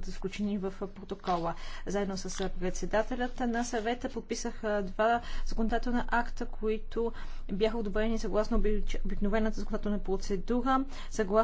бъдат включени в протокола. Заедно с председателят на съвета подписаха два законодателна акта, които бяха одобрени съгласно обикновената законодателна процедура, съгласно